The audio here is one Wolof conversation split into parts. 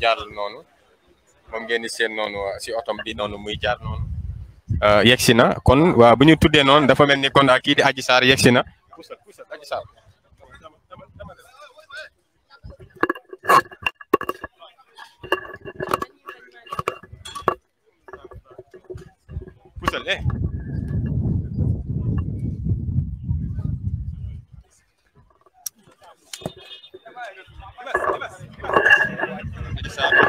jaaral non, mom ngeen di seen si otom bi noonu muy jaar noonu euh na kon wa buñu tuddé non dafa melni ni kon kii di Adji sar yexina na eh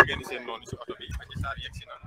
ngeen seen noonu si oto bi